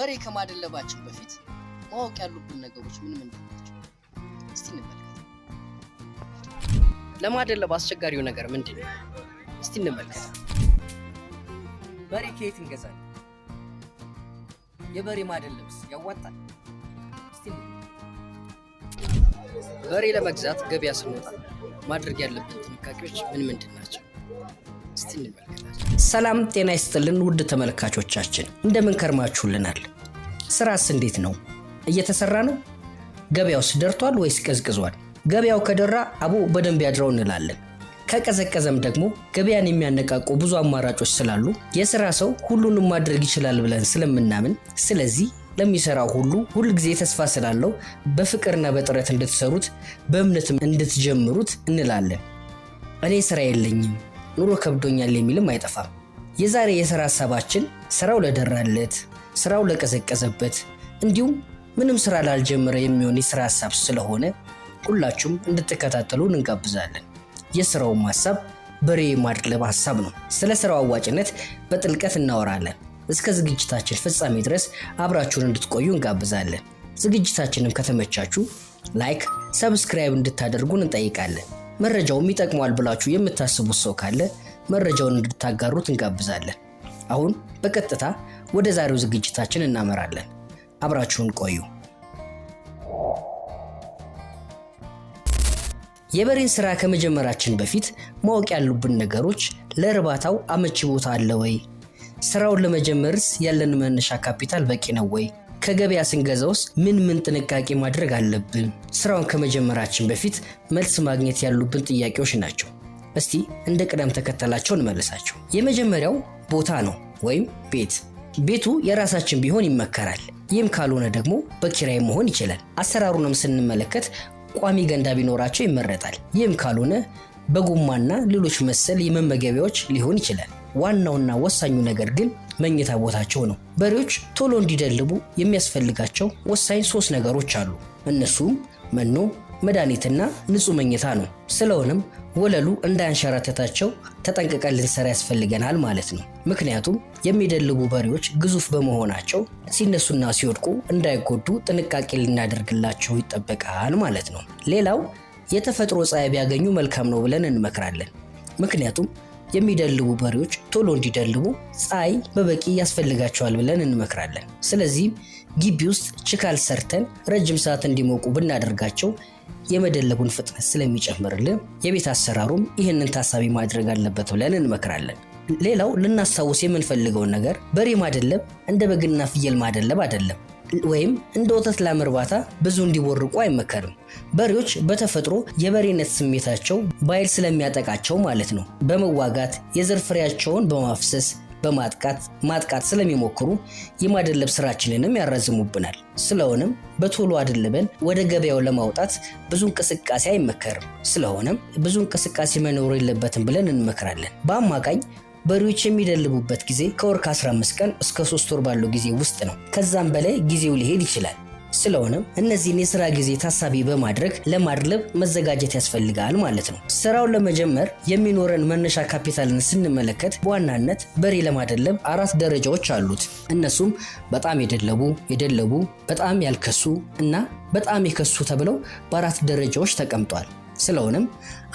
በሬ ከማደለባችን በፊት ማወቅ ያሉብን ነገሮች ምን ምንድን ናቸው? እስቲ እንመልከት። ለማደለብ አስቸጋሪው ነገር ምንድን ነው? እስቲ እንመልከት። በሬ ከየት እንገዛለን? የበሬ ማደለብስ ያዋጣል? በሬ ለመግዛት ገበያ ስንወጣ ማድረግ ያለብን ጥንቃቄዎች ምን ምንድን ናቸው? እስቲ እንመልከታቸው። ሰላም ጤና ይስጥልን ውድ ተመልካቾቻችን እንደምን ከርማችሁልናል? ስራስ እንዴት ነው? እየተሰራ ነው? ገበያውስ ደርቷል ወይስ ቀዝቅዟል? ገበያው ከደራ አቦ በደንብ ያድረው እንላለን። ከቀዘቀዘም ደግሞ ገበያን የሚያነቃቁ ብዙ አማራጮች ስላሉ የስራ ሰው ሁሉንም ማድረግ ይችላል ብለን ስለምናምን ስለዚህ ለሚሰራው ሁሉ ሁልጊዜ ተስፋ ስላለው በፍቅርና በጥረት እንድትሰሩት በእምነትም እንድትጀምሩት እንላለን። እኔ ስራ የለኝም ኑሮ ከብዶኛል የሚልም አይጠፋም። የዛሬ የስራ ሀሳባችን ስራው ለደራለት፣ ስራው ለቀዘቀዘበት እንዲሁም ምንም ስራ ላልጀመረ የሚሆን የስራ ሀሳብ ስለሆነ ሁላችሁም እንድትከታተሉ እንጋብዛለን። የስራውም ሀሳብ በሬ የማድለብ ሀሳብ ነው። ስለ ሥራው አዋጭነት በጥልቀት እናወራለን። እስከ ዝግጅታችን ፍጻሜ ድረስ አብራችሁን እንድትቆዩ እንጋብዛለን። ዝግጅታችንም ከተመቻችሁ ላይክ፣ ሰብስክራይብ እንድታደርጉን እንጠይቃለን። መረጃውም ይጠቅሟል ብላችሁ የምታስቡት ሰው ካለ መረጃውን እንድታጋሩት እንጋብዛለን። አሁን በቀጥታ ወደ ዛሬው ዝግጅታችን እናመራለን። አብራችሁን ቆዩ። የበሬን ስራ ከመጀመራችን በፊት ማወቅ ያሉብን ነገሮች ለእርባታው አመቺ ቦታ አለ ወይ? ስራውን ለመጀመርስ ያለን መነሻ ካፒታል በቂ ነው ወይ? ከገበያ ስንገዛውስ ምን ምን ጥንቃቄ ማድረግ አለብን? ስራውን ከመጀመራችን በፊት መልስ ማግኘት ያሉብን ጥያቄዎች ናቸው። እስቲ እንደ ቅደም ተከተላቸው እንመልሳቸው። የመጀመሪያው ቦታ ነው ወይም ቤት። ቤቱ የራሳችን ቢሆን ይመከራል። ይህም ካልሆነ ደግሞ በኪራይ መሆን ይችላል። አሰራሩንም ስንመለከት ቋሚ ገንዳ ቢኖራቸው ይመረጣል። ይህም ካልሆነ በጎማና ሌሎች መሰል የመመገቢያዎች ሊሆን ይችላል። ዋናውና ወሳኙ ነገር ግን መኝታ ቦታቸው ነው። በሬዎች ቶሎ እንዲደልቡ የሚያስፈልጋቸው ወሳኝ ሶስት ነገሮች አሉ። እነሱም መኖ፣ መድኃኒትና ንጹህ መኝታ ነው። ስለሆነም ወለሉ እንዳያንሸራተታቸው ተጠንቅቀን ልንሰራ ያስፈልገናል ማለት ነው። ምክንያቱም የሚደልቡ በሬዎች ግዙፍ በመሆናቸው ሲነሱና ሲወድቁ እንዳይጎዱ ጥንቃቄ ልናደርግላቸው ይጠበቃል ማለት ነው። ሌላው የተፈጥሮ ፀሐይ ቢያገኙ መልካም ነው ብለን እንመክራለን። ምክንያቱም የሚደልቡ በሬዎች ቶሎ እንዲደልቡ ፀሐይ በበቂ ያስፈልጋቸዋል ብለን እንመክራለን። ስለዚህም ግቢ ውስጥ ችካል ሰርተን ረጅም ሰዓት እንዲሞቁ ብናደርጋቸው የመደለቡን ፍጥነት ስለሚጨምርልን የቤት አሰራሩም ይህንን ታሳቢ ማድረግ አለበት ብለን እንመክራለን። ሌላው ልናስታውስ የምንፈልገውን ነገር በሬ ማደለብ እንደ በግና ፍየል ማደለብ አይደለም። ወይም እንደ ወተት ላም እርባታ ብዙ እንዲቦርቁ አይመከርም። በሬዎች በተፈጥሮ የበሬነት ስሜታቸው ባይል ስለሚያጠቃቸው ማለት ነው። በመዋጋት የዘር ፍሬያቸውን በማፍሰስ በማጥቃት ማጥቃት ስለሚሞክሩ የማደለብ ስራችንንም ያራዝሙብናል። ስለሆነም በቶሎ አድልበን ወደ ገበያው ለማውጣት ብዙ እንቅስቃሴ አይመከርም። ስለሆነም ብዙ እንቅስቃሴ መኖር የለበትም ብለን እንመክራለን። በአማካኝ በሬዎች የሚደልቡበት ጊዜ ከወር ከ15 ቀን እስከ 3 ወር ባለው ጊዜ ውስጥ ነው። ከዛም በላይ ጊዜው ሊሄድ ይችላል። ስለሆነም እነዚህን የስራ ጊዜ ታሳቢ በማድረግ ለማድለብ መዘጋጀት ያስፈልጋል ማለት ነው። ስራውን ለመጀመር የሚኖረን መነሻ ካፒታልን ስንመለከት በዋናነት በሬ ለማደለብ አራት ደረጃዎች አሉት። እነሱም በጣም የደለቡ፣ የደለቡ፣ በጣም ያልከሱ እና በጣም የከሱ ተብለው በአራት ደረጃዎች ተቀምጧል። ስለሆነም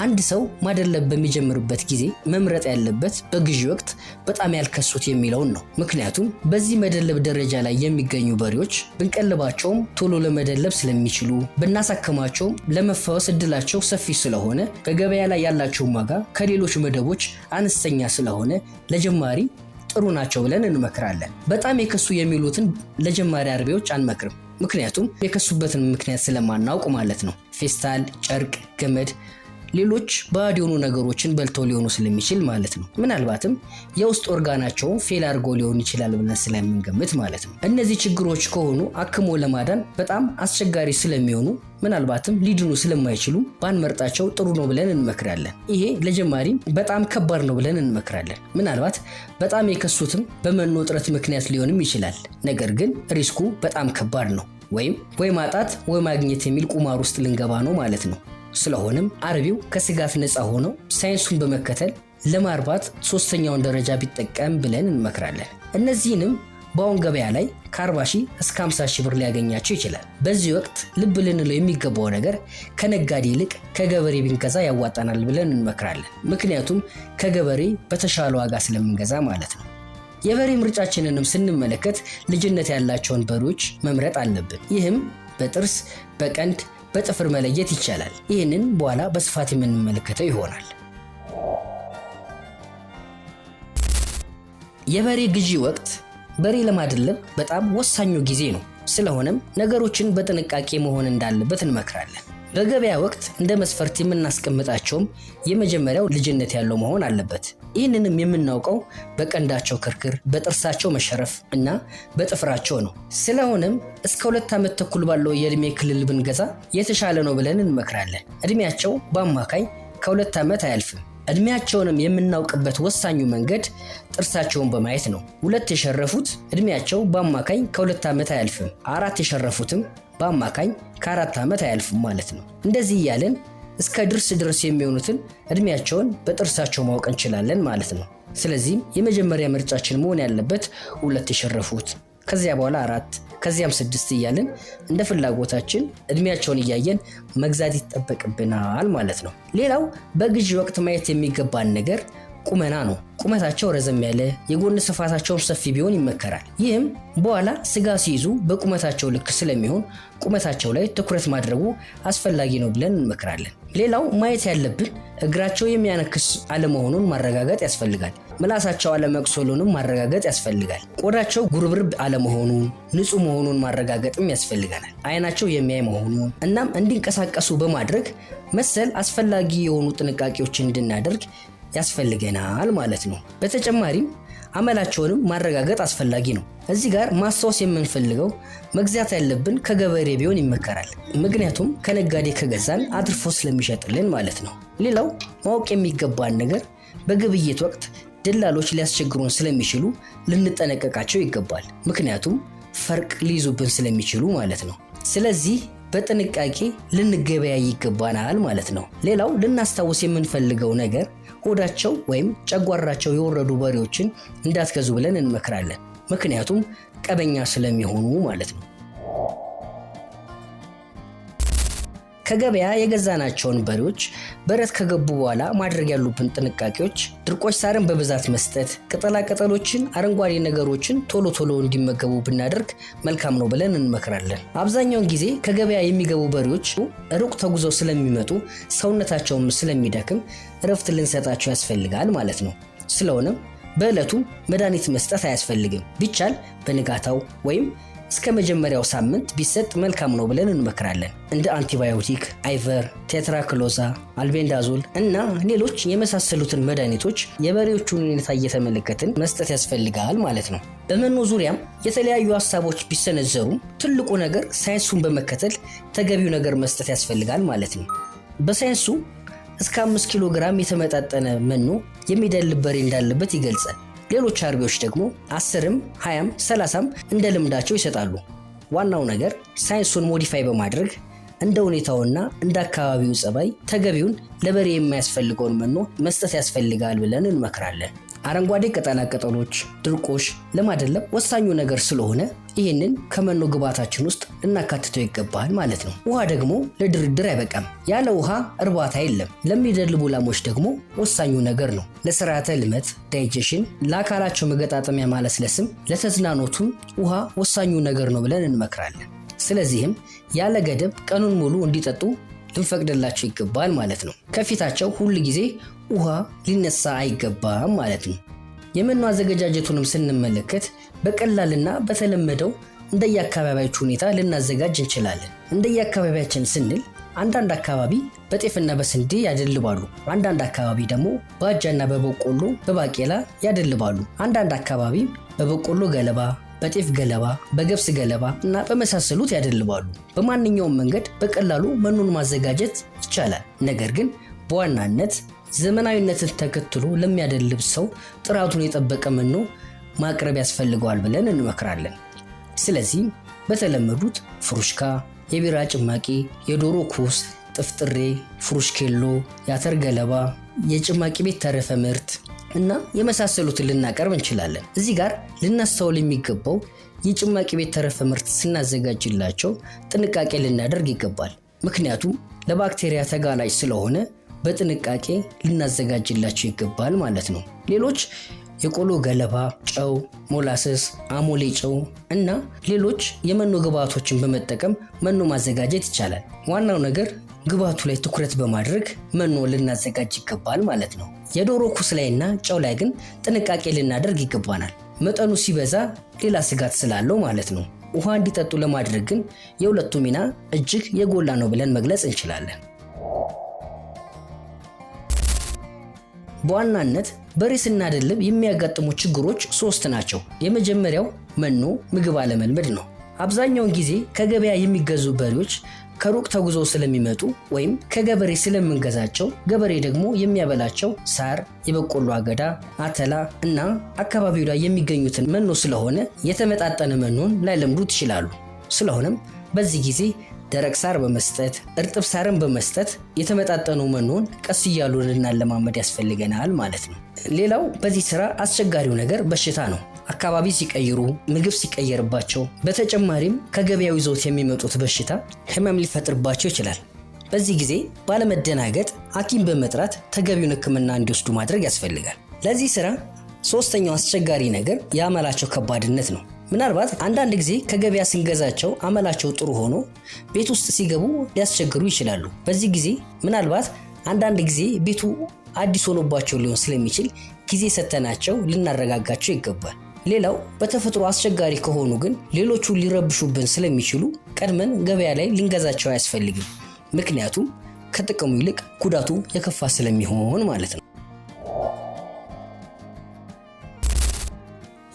አንድ ሰው ማደለብ በሚጀምርበት ጊዜ መምረጥ ያለበት በግዢ ወቅት በጣም ያልከሱት የሚለውን ነው። ምክንያቱም በዚህ መደለብ ደረጃ ላይ የሚገኙ በሬዎች ብንቀልባቸውም ቶሎ ለመደለብ ስለሚችሉ፣ ብናሳክማቸውም ለመፈወስ እድላቸው ሰፊ ስለሆነ፣ በገበያ ላይ ያላቸው ዋጋ ከሌሎች መደቦች አነስተኛ ስለሆነ ለጀማሪ ጥሩ ናቸው ብለን እንመክራለን። በጣም የከሱ የሚሉትን ለጀማሪ አርቢዎች አንመክርም። ምክንያቱም የከሱበትን ምክንያት ስለማናውቅ ማለት ነው። ፌስታል፣ ጨርቅ፣ ገመድ ሌሎች ባዕድ የሆኑ ነገሮችን በልቶ ሊሆኑ ስለሚችል ማለት ነው። ምናልባትም የውስጥ ኦርጋናቸውን ፌል አድርጎ ሊሆን ይችላል ብለን ስለምንገምት ማለት ነው። እነዚህ ችግሮች ከሆኑ አክሞ ለማዳን በጣም አስቸጋሪ ስለሚሆኑ ምናልባትም ሊድኑ ስለማይችሉ ባንመርጣቸው ጥሩ ነው ብለን እንመክራለን። ይሄ ለጀማሪም በጣም ከባድ ነው ብለን እንመክራለን። ምናልባት በጣም የከሱትም በመኖ እጥረት ምክንያት ሊሆንም ይችላል። ነገር ግን ሪስኩ በጣም ከባድ ነው። ወይም ወይ ማጣት ወይ ማግኘት የሚል ቁማር ውስጥ ልንገባ ነው ማለት ነው። ስለሆነም አርቢው ከስጋት ነፃ ሆኖ ሳይንሱን በመከተል ለማርባት ሶስተኛውን ደረጃ ቢጠቀም ብለን እንመክራለን። እነዚህንም በአሁን ገበያ ላይ ከ40 ሺህ እስከ 50 ሺህ ብር ሊያገኛቸው ይችላል። በዚህ ወቅት ልብ ልንለው የሚገባው ነገር ከነጋዴ ይልቅ ከገበሬ ብንገዛ ያዋጣናል ብለን እንመክራለን። ምክንያቱም ከገበሬ በተሻለ ዋጋ ስለምንገዛ ማለት ነው። የበሬ ምርጫችንንም ስንመለከት ልጅነት ያላቸውን በሬዎች መምረጥ አለብን። ይህም በጥርስ፣ በቀንድ በጥፍር መለየት ይቻላል። ይህንን በኋላ በስፋት የምንመለከተው ይሆናል። የበሬ ግዢ ወቅት በሬ ለማድለብ በጣም ወሳኙ ጊዜ ነው። ስለሆነም ነገሮችን በጥንቃቄ መሆን እንዳለበት እንመክራለን። በገበያ ወቅት እንደ መስፈርት የምናስቀምጣቸውም የመጀመሪያው ልጅነት ያለው መሆን አለበት። ይህንንም የምናውቀው በቀንዳቸው ክርክር፣ በጥርሳቸው መሸረፍ እና በጥፍራቸው ነው። ስለሆነም እስከ ሁለት ዓመት ተኩል ባለው የዕድሜ ክልል ብንገዛ የተሻለ ነው ብለን እንመክራለን። እድሜያቸው በአማካኝ ከሁለት ዓመት አያልፍም። እድሜያቸውንም የምናውቅበት ወሳኙ መንገድ ጥርሳቸውን በማየት ነው። ሁለት የሸረፉት እድሜያቸው በአማካኝ ከሁለት ዓመት አያልፍም። አራት የሸረፉትም በአማካኝ ከአራት ዓመት አያልፍም ማለት ነው። እንደዚህ እያለን እስከ ድርስ ድረስ የሚሆኑትን እድሜያቸውን በጥርሳቸው ማወቅ እንችላለን ማለት ነው። ስለዚህም የመጀመሪያ ምርጫችን መሆን ያለበት ሁለት የሸረፉት፣ ከዚያ በኋላ አራት፣ ከዚያም ስድስት እያልን እንደ ፍላጎታችን እድሜያቸውን እያየን መግዛት ይጠበቅብናል ማለት ነው። ሌላው በግዢ ወቅት ማየት የሚገባን ነገር ቁመና ነው። ቁመታቸው ረዘም ያለ የጎን ስፋታቸውም ሰፊ ቢሆን ይመከራል። ይህም በኋላ ስጋ ሲይዙ በቁመታቸው ልክ ስለሚሆን ቁመታቸው ላይ ትኩረት ማድረጉ አስፈላጊ ነው ብለን እንመክራለን። ሌላው ማየት ያለብን እግራቸው የሚያነክስ አለመሆኑን ማረጋገጥ ያስፈልጋል። ምላሳቸው አለመቁሰሉንም ማረጋገጥ ያስፈልጋል። ቆዳቸው ጉርብርብ አለመሆኑን ንጹህ መሆኑን ማረጋገጥም ያስፈልገናል። አይናቸው የሚያይ መሆኑን እናም እንዲንቀሳቀሱ በማድረግ መሰል አስፈላጊ የሆኑ ጥንቃቄዎች እንድናደርግ ያስፈልገናል ማለት ነው። በተጨማሪም አመላቸውንም ማረጋገጥ አስፈላጊ ነው። እዚህ ጋር ማስታወስ የምንፈልገው መግዛት ያለብን ከገበሬ ቢሆን ይመከራል። ምክንያቱም ከነጋዴ ከገዛን አትርፎ ስለሚሸጥልን ማለት ነው። ሌላው ማወቅ የሚገባን ነገር በግብይት ወቅት ደላሎች ሊያስቸግሩን ስለሚችሉ ልንጠነቀቃቸው ይገባል። ምክንያቱም ፈርቅ ሊይዙብን ስለሚችሉ ማለት ነው። ስለዚህ በጥንቃቄ ልንገበያ ይገባናል ማለት ነው። ሌላው ልናስታውስ የምንፈልገው ነገር ሆዳቸው ወይም ጨጓራቸው የወረዱ በሬዎችን እንዳትገዙ ብለን እንመክራለን። ምክንያቱም ቀበኛ ስለሚሆኑ ማለት ነው። ከገበያ የገዛናቸውን በሬዎች በረት ከገቡ በኋላ ማድረግ ያሉብን ጥንቃቄዎች ድርቆች ሳርን በብዛት መስጠት፣ ቅጠላቅጠሎችን አረንጓዴ ነገሮችን ቶሎ ቶሎ እንዲመገቡ ብናደርግ መልካም ነው ብለን እንመክራለን። አብዛኛውን ጊዜ ከገበያ የሚገቡ በሬዎች ሩቅ ተጉዘው ስለሚመጡ ሰውነታቸውም ስለሚደክም እረፍት ልንሰጣቸው ያስፈልጋል ማለት ነው። ስለሆነም በዕለቱ መድኃኒት መስጠት አያስፈልግም። ቢቻል በንጋታው ወይም እስከ መጀመሪያው ሳምንት ቢሰጥ መልካም ነው ብለን እንመክራለን። እንደ አንቲባዮቲክ፣ አይቨር፣ ቴትራክሎዛ፣ አልቤንዳዞል እና ሌሎች የመሳሰሉትን መድኃኒቶች የበሬዎቹን ሁኔታ እየተመለከትን መስጠት ያስፈልጋል ማለት ነው። በመኖ ዙሪያም የተለያዩ ሀሳቦች ቢሰነዘሩም ትልቁ ነገር ሳይንሱን በመከተል ተገቢው ነገር መስጠት ያስፈልጋል ማለት ነው። በሳይንሱ እስከ አምስት ኪሎ ግራም የተመጣጠነ መኖ የሚደልብ በሬ እንዳለበት ይገልጻል። ሌሎች አርቢዎች ደግሞ አስርም ሃያም ሰላሳም እንደ ልምዳቸው ይሰጣሉ። ዋናው ነገር ሳይንሱን ሞዲፋይ በማድረግ እንደ ሁኔታውና እንደ አካባቢው ጸባይ ተገቢውን ለበሬ የሚያስፈልገውን መኖ መስጠት ያስፈልጋል ብለን እንመክራለን። አረንጓዴ ቅጠላ ቅጠሎች፣ ድርቆሽ ለማደለብ ወሳኙ ነገር ስለሆነ ይህንን ከመኖ ግብዓታችን ውስጥ ልናካትተው ይገባል ማለት ነው። ውሃ ደግሞ ለድርድር አይበቃም። ያለ ውሃ እርባታ የለም። ለሚደልቡ ላሞች ደግሞ ወሳኙ ነገር ነው። ለስርዓተ ልመት ዳይጀሽን፣ ለአካላቸው መገጣጠሚያ ማለስለስም፣ ለተዝናኖቱም ውሃ ወሳኙ ነገር ነው ብለን እንመክራለን። ስለዚህም ያለ ገደብ ቀኑን ሙሉ እንዲጠጡ ልንፈቅድላቸው ይገባል ማለት ነው። ከፊታቸው ሁል ጊዜ ውሃ ሊነሳ አይገባም ማለት ነው። የመኖ አዘገጃጀቱንም ስንመለከት በቀላልና በተለመደው እንደየአካባቢያችሁ ሁኔታ ልናዘጋጅ እንችላለን። እንደየአካባቢያችን ስንል አንዳንድ አካባቢ በጤፍና በስንዴ ያደልባሉ። አንዳንድ አካባቢ ደግሞ በአጃና በበቆሎ በባቄላ ያደልባሉ። አንዳንድ አካባቢ በበቆሎ ገለባ በጤፍ ገለባ፣ በገብስ ገለባ እና በመሳሰሉት ያደልባሉ። በማንኛውም መንገድ በቀላሉ መኖን ማዘጋጀት ይቻላል። ነገር ግን በዋናነት ዘመናዊነትን ተከትሎ ለሚያደልብ ሰው ጥራቱን የጠበቀ መኖ ማቅረብ ያስፈልገዋል ብለን እንመክራለን። ስለዚህ በተለመዱት ፍሩሽካ፣ የቢራ ጭማቂ፣ የዶሮ ኩስ፣ ጥፍጥሬ፣ ፍሩሽኬሎ፣ የአተር ገለባ፣ የጭማቂ ቤት ተረፈ ምርት እና የመሳሰሉትን ልናቀርብ እንችላለን። እዚህ ጋር ልናስተውል የሚገባው የጭማቂ ቤት ተረፈ ምርት ስናዘጋጅላቸው ጥንቃቄ ልናደርግ ይገባል። ምክንያቱም ለባክቴሪያ ተጋላጭ ስለሆነ በጥንቃቄ ልናዘጋጅላቸው ይገባል ማለት ነው። ሌሎች የቆሎ ገለባ፣ ጨው፣ ሞላሰስ፣ አሞሌ ጨው እና ሌሎች የመኖ ግብዓቶችን በመጠቀም መኖ ማዘጋጀት ይቻላል። ዋናው ነገር ግብአቱ ላይ ትኩረት በማድረግ መኖ ልናዘጋጅ ይገባል ማለት ነው። የዶሮ ኩስ ላይና ጨው ላይ ግን ጥንቃቄ ልናደርግ ይገባናል። መጠኑ ሲበዛ ሌላ ስጋት ስላለው ማለት ነው። ውሃ እንዲጠጡ ለማድረግ ግን የሁለቱ ሚና እጅግ የጎላ ነው ብለን መግለጽ እንችላለን። በዋናነት በሬ ስናደልብ የሚያጋጥሙ ችግሮች ሶስት ናቸው። የመጀመሪያው መኖ ምግብ አለመልመድ ነው። አብዛኛውን ጊዜ ከገበያ የሚገዙ በሬዎች ከሩቅ ተጉዞ ስለሚመጡ ወይም ከገበሬ ስለምንገዛቸው ገበሬ ደግሞ የሚያበላቸው ሳር፣ የበቆሎ አገዳ፣ አተላ እና አካባቢው ላይ የሚገኙትን መኖ ስለሆነ የተመጣጠነ መኖን ላይለምዱ ይችላሉ። ስለሆነም በዚህ ጊዜ ደረቅ ሳር በመስጠት እርጥብ ሳርን በመስጠት የተመጣጠኑ መኖን ቀስ እያሉ ልናለማመድ ያስፈልገናል ማለት ነው። ሌላው በዚህ ስራ አስቸጋሪው ነገር በሽታ ነው። አካባቢ ሲቀይሩ፣ ምግብ ሲቀየርባቸው፣ በተጨማሪም ከገበያው ይዘውት የሚመጡት በሽታ ህመም ሊፈጥርባቸው ይችላል። በዚህ ጊዜ ባለመደናገጥ ሐኪም በመጥራት ተገቢውን ሕክምና እንዲወስዱ ማድረግ ያስፈልጋል። ለዚህ ስራ ሶስተኛው አስቸጋሪ ነገር የአመላቸው ከባድነት ነው። ምናልባት አንዳንድ ጊዜ ከገበያ ስንገዛቸው አመላቸው ጥሩ ሆኖ ቤት ውስጥ ሲገቡ ሊያስቸግሩ ይችላሉ። በዚህ ጊዜ ምናልባት አንዳንድ ጊዜ ቤቱ አዲስ ሆኖባቸው ሊሆን ስለሚችል ጊዜ ሰተናቸው ልናረጋጋቸው ይገባል። ሌላው በተፈጥሮ አስቸጋሪ ከሆኑ ግን ሌሎቹ ሊረብሹብን ስለሚችሉ ቀድመን ገበያ ላይ ልንገዛቸው አያስፈልግም። ምክንያቱም ከጥቅሙ ይልቅ ጉዳቱ የከፋ ስለሚሆን ማለት ነው።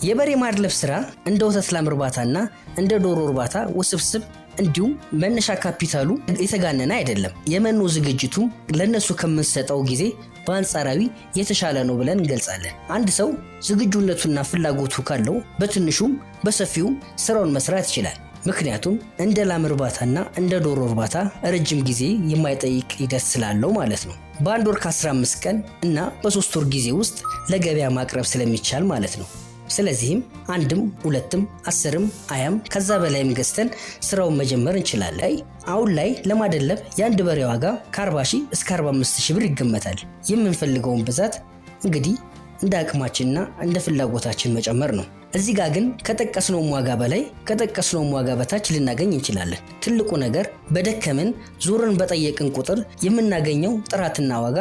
የበሬ ማድለብ ስራ እንደ ወተት ላም እርባታና እንደ ዶሮ እርባታ ውስብስብ እንዲሁም መነሻ ካፒታሉ የተጋነነ አይደለም። የመኖ ዝግጅቱ ለእነሱ ከምንሰጠው ጊዜ በአንጻራዊ የተሻለ ነው ብለን እንገልጻለን። አንድ ሰው ዝግጁነቱና ፍላጎቱ ካለው በትንሹም በሰፊውም ስራውን መስራት ይችላል። ምክንያቱም እንደ ላም እርባታና እንደ ዶሮ እርባታ ረጅም ጊዜ የማይጠይቅ ሂደት ስላለው ማለት ነው። በአንድ ወር ከ15 ቀን እና በሶስት ወር ጊዜ ውስጥ ለገበያ ማቅረብ ስለሚቻል ማለት ነው። ስለዚህም አንድም ሁለትም አስርም አያም ከዛ በላይም ገዝተን ስራውን መጀመር እንችላለን። አሁን ላይ ለማደለብ የአንድ በሬ ዋጋ ከ40 ሺህ እስከ 45 ሺህ ብር ይገመታል። የምንፈልገውን ብዛት እንግዲህ እንደ አቅማችንና እንደ ፍላጎታችን መጨመር ነው። እዚህ ጋር ግን ከጠቀስነውም ዋጋ በላይ ከጠቀስነውም ዋጋ በታች ልናገኝ እንችላለን። ትልቁ ነገር በደከምን ዞርን በጠየቅን ቁጥር የምናገኘው ጥራትና ዋጋ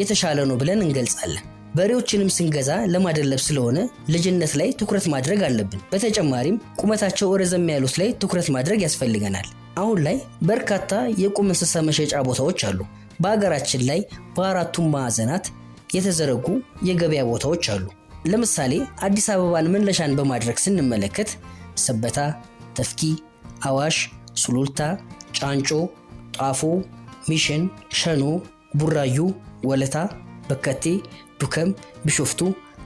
የተሻለ ነው ብለን እንገልጻለን። በሬዎችንም ስንገዛ ለማደለብ ስለሆነ ልጅነት ላይ ትኩረት ማድረግ አለብን። በተጨማሪም ቁመታቸው ረዘም ያሉት ላይ ትኩረት ማድረግ ያስፈልገናል። አሁን ላይ በርካታ የቁም እንስሳ መሸጫ ቦታዎች አሉ። በሀገራችን ላይ በአራቱም ማዕዘናት የተዘረጉ የገበያ ቦታዎች አሉ። ለምሳሌ አዲስ አበባን መነሻን በማድረግ ስንመለከት ሰበታ፣ ተፍኪ፣ አዋሽ፣ ሱሉልታ፣ ጫንጮ፣ ጣፎ፣ ሚሽን፣ ሸኖ፣ ቡራዩ፣ ወለታ፣ በከቴ ዱከም፣ ቢሾፍቱ፣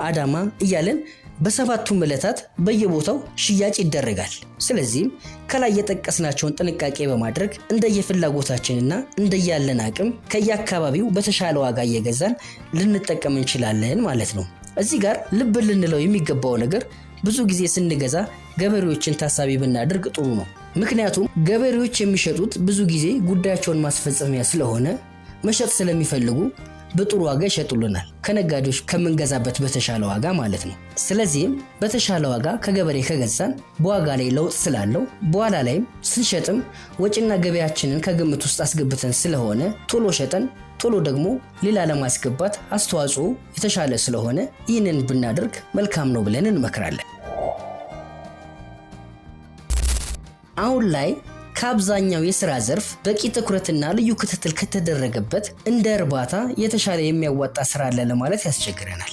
አዳማ እያለን በሰባቱም ዕለታት በየቦታው ሽያጭ ይደረጋል። ስለዚህም ከላይ የጠቀስናቸውን ጥንቃቄ በማድረግ እንደየፍላጎታችንና እንደያለን አቅም ከየአካባቢው በተሻለ ዋጋ እየገዛን ልንጠቀም እንችላለን ማለት ነው። እዚህ ጋር ልብ ልንለው የሚገባው ነገር ብዙ ጊዜ ስንገዛ ገበሬዎችን ታሳቢ ብናደርግ ጥሩ ነው። ምክንያቱም ገበሬዎች የሚሸጡት ብዙ ጊዜ ጉዳያቸውን ማስፈጸሚያ ስለሆነ መሸጥ ስለሚፈልጉ በጥሩ ዋጋ ይሸጡልናል፣ ከነጋዴዎች ከምንገዛበት በተሻለ ዋጋ ማለት ነው። ስለዚህም በተሻለ ዋጋ ከገበሬ ከገዛን በዋጋ ላይ ለውጥ ስላለው በኋላ ላይም ስንሸጥም ወጪና ገበያችንን ከግምት ውስጥ አስገብተን ስለሆነ ቶሎ ሸጠን ቶሎ ደግሞ ሌላ ለማስገባት አስተዋጽኦ የተሻለ ስለሆነ ይህንን ብናደርግ መልካም ነው ብለን እንመክራለን። አሁን ላይ ከአብዛኛው የስራ ዘርፍ በቂ ትኩረትና ልዩ ክትትል ከተደረገበት እንደ እርባታ የተሻለ የሚያዋጣ ስራ አለ ለማለት ያስቸግረናል።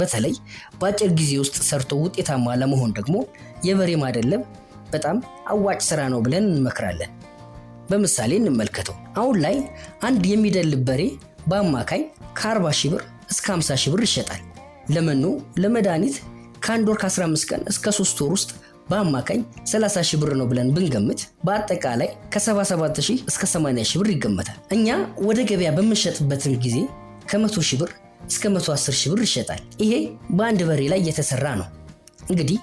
በተለይ በአጭር ጊዜ ውስጥ ሰርቶ ውጤታማ ለመሆን ደግሞ የበሬ ማደለብ በጣም አዋጭ ስራ ነው ብለን እንመክራለን። በምሳሌ እንመልከተው። አሁን ላይ አንድ የሚደልብ በሬ በአማካይ ከ40 ሺህ ብር እስከ 50 ሺህ ብር ይሸጣል። ለመኖ፣ ለመድኃኒት ከአንድ ወር ከ15 ቀን እስከ 3 ወር ውስጥ በአማካኝ 30 ሺህ ብር ነው ብለን ብንገምት በአጠቃላይ ከ77 ሺህ እስከ 80 ሺህ ብር ይገመታል። እኛ ወደ ገበያ በምንሸጥበትን ጊዜ ከ100 ሺህ ብር እስከ 110 ሺህ ብር ይሸጣል። ይሄ በአንድ በሬ ላይ የተሰራ ነው። እንግዲህ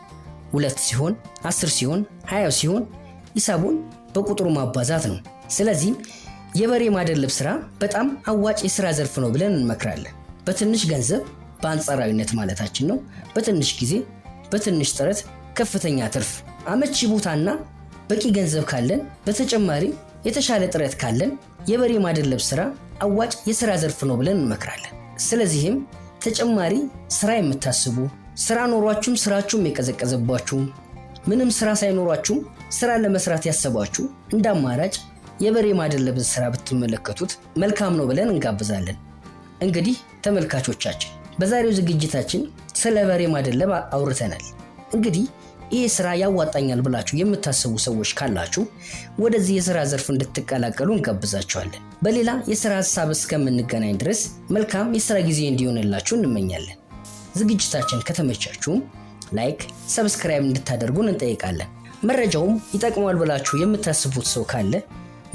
ሁለት ሲሆን 10 ሲሆን 20 ሲሆን ሂሳቡን በቁጥሩ ማባዛት ነው። ስለዚህም የበሬ ማደለብ ስራ በጣም አዋጭ የስራ ዘርፍ ነው ብለን እንመክራለን። በትንሽ ገንዘብ በአንጻራዊነት ማለታችን ነው። በትንሽ ጊዜ በትንሽ ጥረት ከፍተኛ ትርፍ፣ አመቺ ቦታና በቂ ገንዘብ ካለን በተጨማሪ የተሻለ ጥረት ካለን የበሬ ማደለብ ስራ አዋጭ የስራ ዘርፍ ነው ብለን እንመክራለን። ስለዚህም ተጨማሪ ስራ የምታስቡ ስራ ኖሯችሁም ስራችሁም የቀዘቀዘባችሁ ምንም ስራ ሳይኖሯችሁም ስራ ለመስራት ያሰባችሁ እንደ አማራጭ የበሬ ማደለብን ስራ ብትመለከቱት መልካም ነው ብለን እንጋብዛለን። እንግዲህ ተመልካቾቻችን በዛሬው ዝግጅታችን ስለ በሬ ማደለብ አውርተናል። እንግዲህ ይህ ስራ ያዋጣኛል ብላችሁ የምታስቡ ሰዎች ካላችሁ ወደዚህ የስራ ዘርፍ እንድትቀላቀሉ እንጋብዛችኋለን። በሌላ የስራ ሀሳብ እስከምንገናኝ ድረስ መልካም የስራ ጊዜ እንዲሆንላችሁ እንመኛለን። ዝግጅታችን ከተመቻችሁም ላይክ፣ ሰብስክራይብ እንድታደርጉን እንጠይቃለን። መረጃውም ይጠቅማል ብላችሁ የምታስቡት ሰው ካለ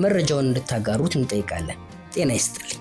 መረጃውን እንድታጋሩት እንጠይቃለን። ጤና ይስጥልኝ።